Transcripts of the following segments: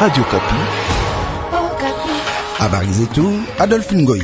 Radio Kapi. Habari zetu Adolphe Ngoi.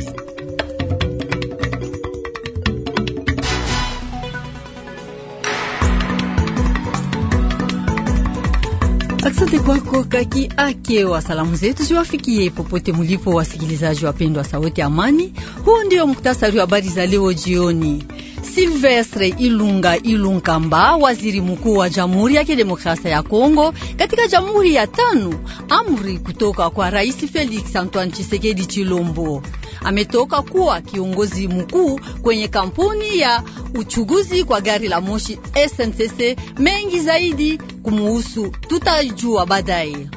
Asante kwako kaki ake salamu zetu ziwafikie popote mulipo, wasikilizaji wapendwa, sauti ya amani. Huu ndio muktasari wa habari za leo jioni. Silvestre Ilunga Ilunkamba, waziri mkuu wa Jamhuri ya Kidemokrasia ya Kongo katika Jamhuri ya tano, amri kutoka kwa Rais Felix Antoine chisekedi Chilombo. Ametoka kuwa kiongozi mkuu kwenye kampuni ya uchuguzi kwa gari la moshi SNCC. Mengi zaidi kumuhusu tutajua baadaye.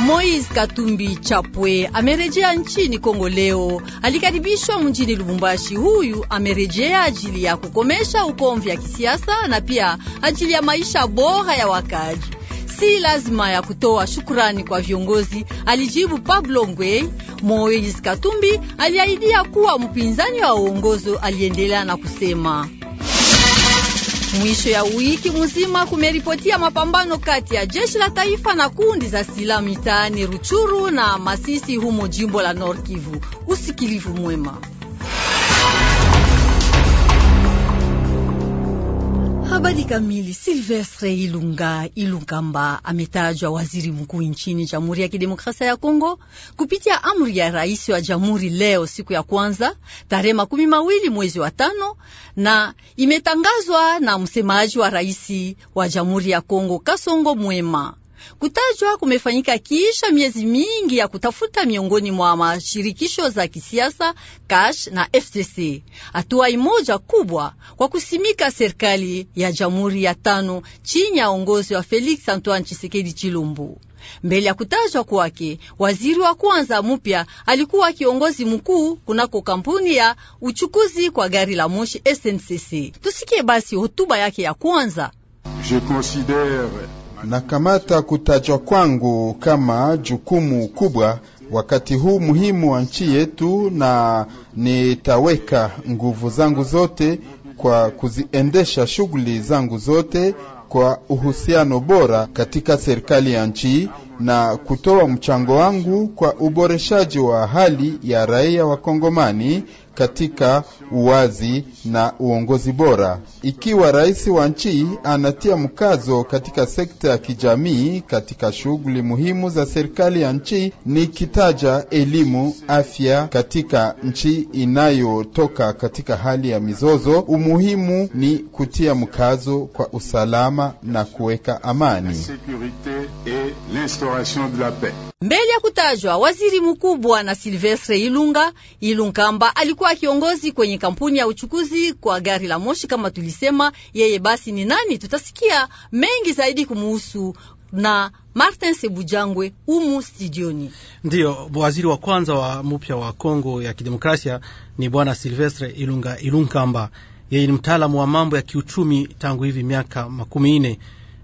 Moise Katumbi Chapwe amerejea nchini Kongo leo. Alikaribishwa mjini Lubumbashi. Huyu amerejea ajili ya kukomesha ukomvi ya kisiasa na pia ajili ya maisha bora ya wakaji. Si lazima ya kutoa shukrani kwa viongozi, alijibu Pablo Ngwei. Moise Katumbi aliahidia kuwa mpinzani wa uongozo, aliendelea na kusema Mwisho ya wiki mzima kumeripotia mapambano kati ya jeshi la taifa na kundi za silaha mitaani Ruchuru na Masisi humo jimbo la Nord Kivu. Usikilivu mwema. Habari kamili. Silvestre Ilunga Ilunkamba ametajwa waziri mkuu nchini Jamhuri ya Kidemokrasia ya Kongo kupitia amri ya rais wa jamhuri leo, siku ya kwanza tarehe makumi mawili mwezi wa tano, na imetangazwa na msemaji wa rais wa Jamhuri ya Kongo Kasongo Mwema. Kutajwa kumefanyika kisha miezi mingi ya kutafuta miongoni mwa mashirikisho za kisiasa Kash na FTC, hatua imoja kubwa kwa kusimika serikali ya jamhuri ya tano chini ya uongozi wa Felix Antoine chisekedi Chilumbu. Mbele ya kutajwa kwake, waziri wa kwanza mupya alikuwa kiongozi mkuu kunako kampuni ya uchukuzi kwa gari la moshi SNCC. Tusikie basi hotuba yake ya kwanza. Je considere nakamata kutajwa kwangu kama jukumu kubwa wakati huu muhimu wa nchi yetu, na nitaweka nguvu zangu zote kwa kuziendesha shughuli zangu zote kwa uhusiano bora katika serikali ya nchi na kutoa mchango wangu kwa uboreshaji wa hali ya raia wa Kongomani katika uwazi na uongozi bora. Ikiwa rais wa nchi anatia mkazo katika sekta ya kijamii katika shughuli muhimu za serikali ya nchi, ni kitaja elimu, afya, katika nchi inayotoka katika hali ya mizozo, umuhimu ni kutia mkazo kwa usalama na kuweka amani. Mbele ya kutajwa waziri mkuu Bwana Silvestre Ilunga Ilunkamba alikuwa kama kiongozi kwenye kampuni ya uchukuzi kwa gari la moshi, kama tulisema yeye basi ni nani? Tutasikia mengi zaidi kumuhusu na Martin Sebujangwe umu studioni. Ndiyo, waziri wa kwanza wa mpya wa Kongo ya Kidemokrasia ni bwana Silvestre Ilunga Ilunkamba. Yeye ni mtaalamu wa mambo ya kiuchumi tangu hivi miaka makumi nne.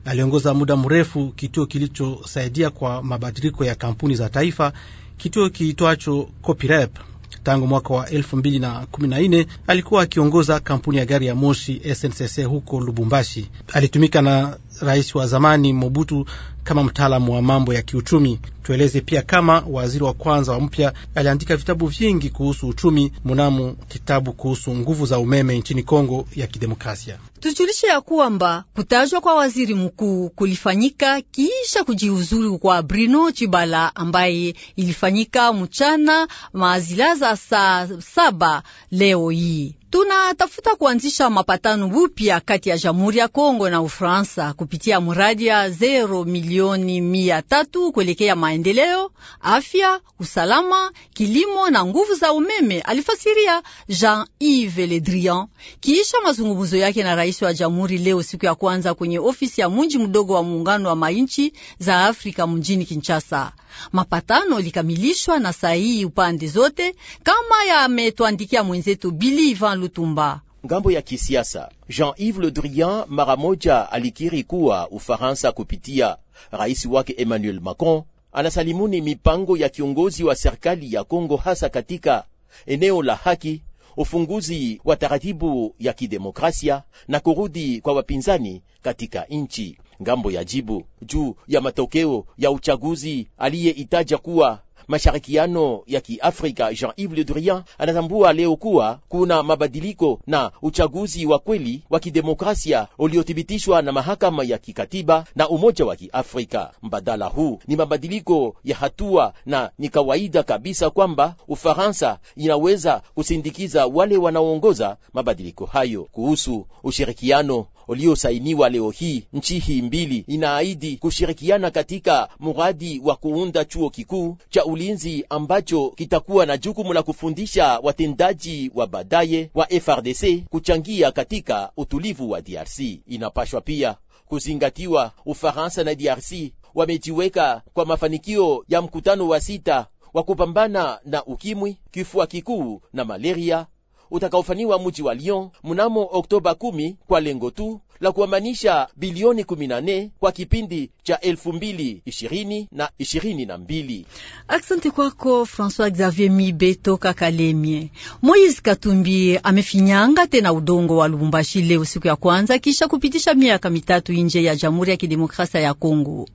Aliongoza muda mrefu kituo kilichosaidia kwa mabadiliko ya kampuni za taifa, kituo kiitwacho Copirep. Tangu mwaka wa 2014 alikuwa akiongoza kampuni ya gari ya moshi SNCC huko Lubumbashi. Alitumika na rais wa zamani Mobutu kama mtaalamu wa mambo ya kiuchumi. Tueleze pia kama waziri wa kwanza wa mpya aliandika vitabu vingi kuhusu uchumi, mnamo kitabu kuhusu nguvu za umeme nchini Kongo ya Kidemokrasia. Tujulishe ya kwamba kutajwa kwa waziri mkuu kulifanyika kisha kujiuzulu kwa Bruno Chibala ambaye ilifanyika mchana maazila za saa saba leo hii. Tunatafuta kuanzisha mapatano upya kati ya Jamhuri ya Kongo na Ufaransa kupitia mradi ya zero milioni milioni mia tatu kuelekea maendeleo, afya, usalama, kilimo na nguvu za umeme, alifasiria Jean-Yves Le Drian kiisha mazungumzo yake na rais wa jamhuri leo siku ya kwanza kwenye ofisi ya munji mdogo wa muungano wa mainchi za Afrika mjini Kinshasa. Mapatano likamilishwa na sahihi upande zote, kama yametwandikia mwenzetu Bili Ivan Lutumba. Ngambo ya kisiasa, Jean-Yves Le Drian mara moja alikiri kuwa Ufaransa kupitia rais wake Emmanuel Macron anasalimuni mipango ya kiongozi wa serikali ya Kongo hasa katika eneo la haki, ufunguzi wa taratibu ya kidemokrasia na kurudi kwa wapinzani katika nchi. Ngambo ya jibu juu ya matokeo ya uchaguzi aliyeitaja kuwa mashirikiano ya Kiafrika Jean-Yves Le Drian anatambua leo kuwa kuna mabadiliko na uchaguzi wa kweli wa kidemokrasia uliothibitishwa na mahakama ya kikatiba na Umoja wa Kiafrika. Mbadala huu ni mabadiliko ya hatua, na ni kawaida kabisa kwamba Ufaransa inaweza kusindikiza wale wanaoongoza mabadiliko hayo. Kuhusu ushirikiano uliosainiwa leo hii, nchi hii mbili inaahidi kushirikiana katika muradi wa kuunda chuo kikuu cha ulinzi ambacho kitakuwa na jukumu la kufundisha watendaji wa baadaye wa FRDC kuchangia katika utulivu wa DRC. Inapashwa pia kuzingatiwa Ufaransa na DRC wamejiweka kwa mafanikio ya mkutano wa sita wa kupambana na ukimwi, kifua kikuu na malaria utakaofanyiwa mji wa Lyon mnamo Oktoba 10 kwa lengo tu la kuamanisha bilioni 14 kwa kipindi cha 2020 na 22. Asante kwako françois Xavier Mibe toka Kalemie. Moise Katumbi amefinyanga tena udongo wa Lubumbashi leo siku ya kwanza kisha kupitisha miaka mitatu nje ya Jamhuri ya Kidemokrasia ya Kongo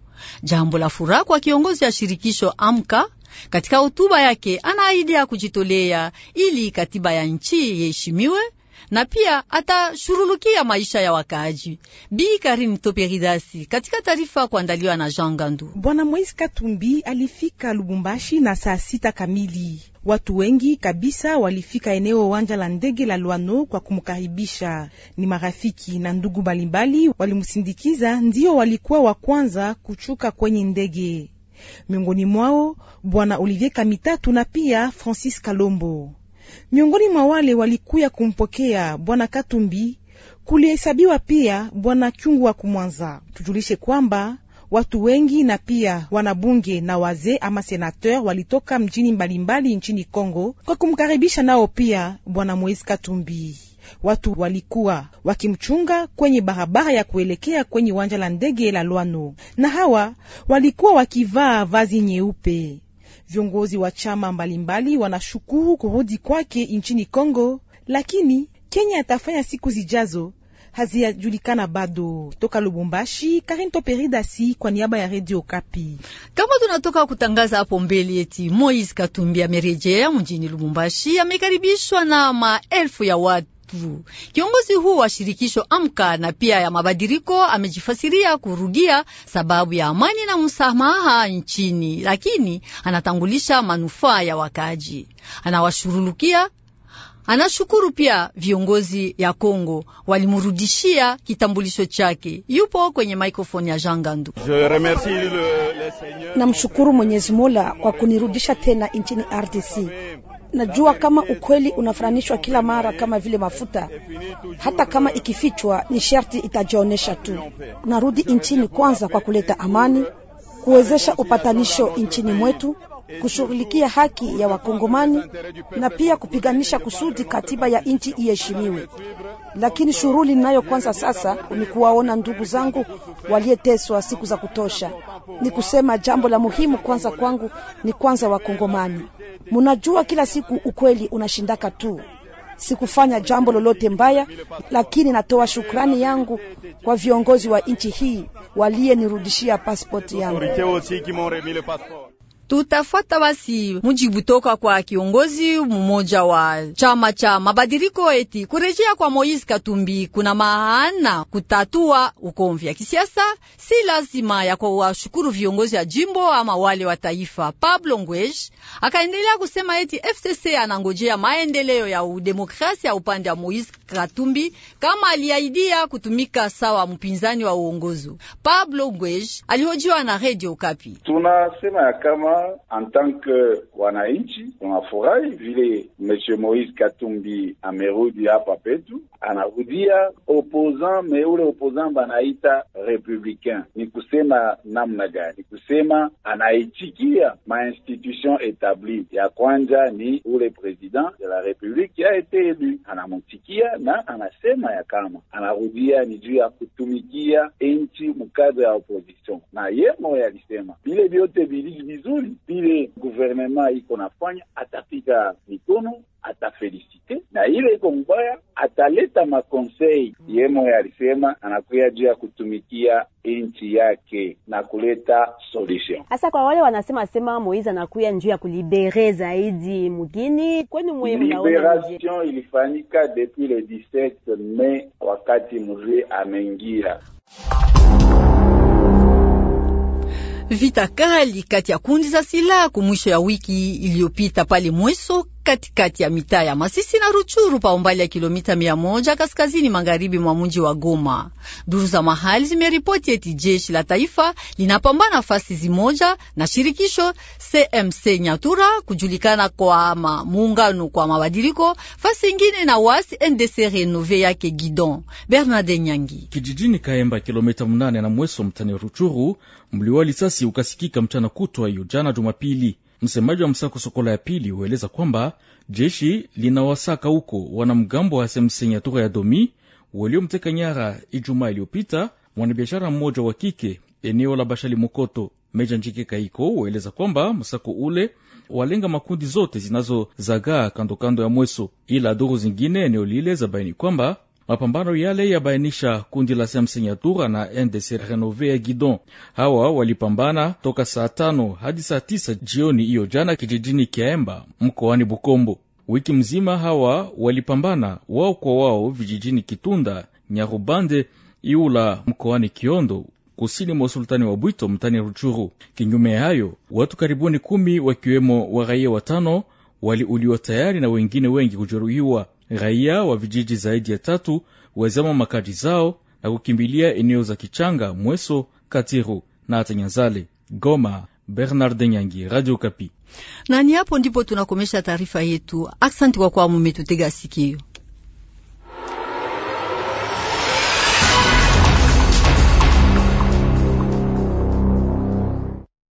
jambo la furaha kwa kiongozi ya shirikisho Amka. Katika hotuba yake anaahidi ya kujitolea ili katiba ya nchi iheshimiwe na pia atashurulukia maisha ya wakaaji. Bi Karim Toperidasi katika taarifa kuandaliwa na Jean Gandu. Bwana Moise Katumbi alifika Lubumbashi na saa sita kamili Watu wengi kabisa walifika eneo uwanja la ndege la Lwano kwa kumkaribisha. Ni marafiki na ndugu mbalimbali walimsindikiza, ndio walikuwa wa kwanza kuchuka kwenye ndege, miongoni mwao Bwana Olivier Kamitatu na pia Francis Kalombo. Miongoni mwa wale walikuya kumpokea Bwana Katumbi kulihesabiwa pia Bwana Kyungu wa Kumwanza. Tujulishe kwamba Watu wengi na pia wanabunge na wazee ama senateur walitoka mjini mbalimbali nchini Kongo kwa kumkaribisha nao pia bwana Moise Katumbi. Watu walikuwa wakimchunga kwenye barabara ya kuelekea kwenye uwanja la ndege la Lwano, na hawa walikuwa wakivaa vazi nyeupe. Viongozi wa chama mbalimbali wanashukuru kurudi kwake nchini Kongo, lakini Kenya atafanya siku zijazo hazijulikana bado. Toka Lubumbashi, Karin Toperidasi kwa niaba ya Radio Kapi. Kama tunatoka kutangaza hapo mbele eti Mois Katumbi amerejea mjini Lubumbashi, amekaribishwa na maelfu ya watu. Kiongozi huu wa shirikisho Amka na pia ya mabadiliko amejifasiria kurudia sababu ya amani na msamaha nchini, lakini anatangulisha manufaa ya wakaji. Anawashurulukia Anashukuru pia viongozi ya Kongo walimurudishia kitambulisho chake. Yupo kwenye mikrofoni ya Jean Gandu. Namshukuru Mwenyezi Mola kwa kunirudisha tena nchini RDC. Najua kama ukweli unafananishwa kila mara kama vile mafuta, hata kama ikifichwa ni sharti itajionyesha tu. Narudi nchini kwanza kwa kuleta amani, kuwezesha upatanisho nchini mwetu kushughulikia haki ya Wakongomani na pia kupiganisha kusudi katiba ya nchi iheshimiwe. Lakini shughuli kwanza sasa ni kuwaona ndugu zangu waliyeteswa siku za kutosha. Ni kusema jambo la muhimu kwanza kwangu ni kwanza Wakongomani. Munajua, kila siku ukweli unashindaka tu. Sikufanya jambo lolote mbaya, lakini natoa shukrani yangu kwa viongozi wa nchi hii waliyenirudishia pasipoti yangu. Tutafuata basi mujibu toka kwa kiongozi mmoja wa chama cha mabadiliko eti kurejea kwa Moise Katumbi kuna maana kutatua ukomvi ya kisiasa, si lazima ya kuwashukuru viongozi ya jimbo ama wale wa taifa. Pablo Ngwej akaendelea kusema eti FCC anangojea maendeleo ya udemokrasia ya upande wa Moise Katumbi kama aliaidia kutumika sawa mpinzani wa uongozi. Pablo Ngwej alihojiwa na Radio Kapi. Tunasema ya kama en tant que wananchi tunafurahi vile M Moise Katumbi amerudi hapa petu, anarudia opposant me ule opposant banaita republicain. Ni kusema namna gani? Ni kusema anaitikia mainstitution etabli. Ya kwanja ni ule president de la republique ya ete elu, anamutikia na anasema ya kama anarudia ni juu ya kutumikia nchi mukadre ya opposition, na ye moya alisema vile vyote vili vizuri vile guvernema iko nafanya, atapika mikono, atafelisite, na ile iko mbaya ataleta makonsei. Yemoya alisema anakuya juu ya kutumikia nchi yake na kuleta solution. Hasa kwa wale wanasema sema Moize anakuya njuu ya kulibere zaidi mugini kwenu mwe, liberation ilifanyika depuis le 17 Mei wakati mzee ameingia vita kali kati ya kundi za silaha kumwisho ya wiki iliyopita pale Mweso katikati ya mitaa ya Masisi na Ruchuru pa umbali ya kilomita mia moja kaskazini magharibi mwa mji wa Goma. Duru za mahali zimeripoti eti jeshi la taifa linapambana fasi zimoja na shirikisho CMC Nyatura kujulikana kwa muungano kwa mabadiliko fasi ingine na wasi NDC Renove yake Gidon Bernard Nyangi kijijini Kaemba, kilomita mnane na Mweso mtani Ruchuru. Mliwali sasi ukasikika mchana kutwa hiyo jana Jumapili. Msemaji wa msako Sokola ya pili hueleza kwamba jeshi linawasaka huko wanamgambo wa Semsenyatura ya Domi waliomteka nyara Ijumaa iliyopita mwanabiashara mmoja wa kike eneo la Bashali Mokoto. Meja Njike Kaiko hueleza kwamba msako ule walenga makundi zote zinazozagaa kandokando ya Mweso, ila duru zingine eneo lile za kwamba Mapambano yale yabainisha kundi la Samse Nyatura na NDC Renove ya Gidon. Hawa walipambana toka saa tano hadi saa tisa jioni hiyo jana kijijini Kiaemba mkoani Bukombo. Wiki mzima hawa walipambana wao kwa wao vijijini Kitunda, Nyarubande, Iula mkoani Kiondo, kusini mwa usultani wa Bwito mtani Ruchuru. Kinyume hayo, watu karibuni kumi wakiwemo waraia watano waliuliwa tayari na wengine wengi kujeruhiwa. Raia wa vijiji zaidi ya tatu wazama makadi zao na kukimbilia eneo za Kichanga, Mweso, Katiru na hata Nyanzale. Goma, Bernard Nyangi, Radio Kapi. Na ni hapo ndipo tunakomesha taarifa yetu. Aksanti kwa kwa mumetutega sikio.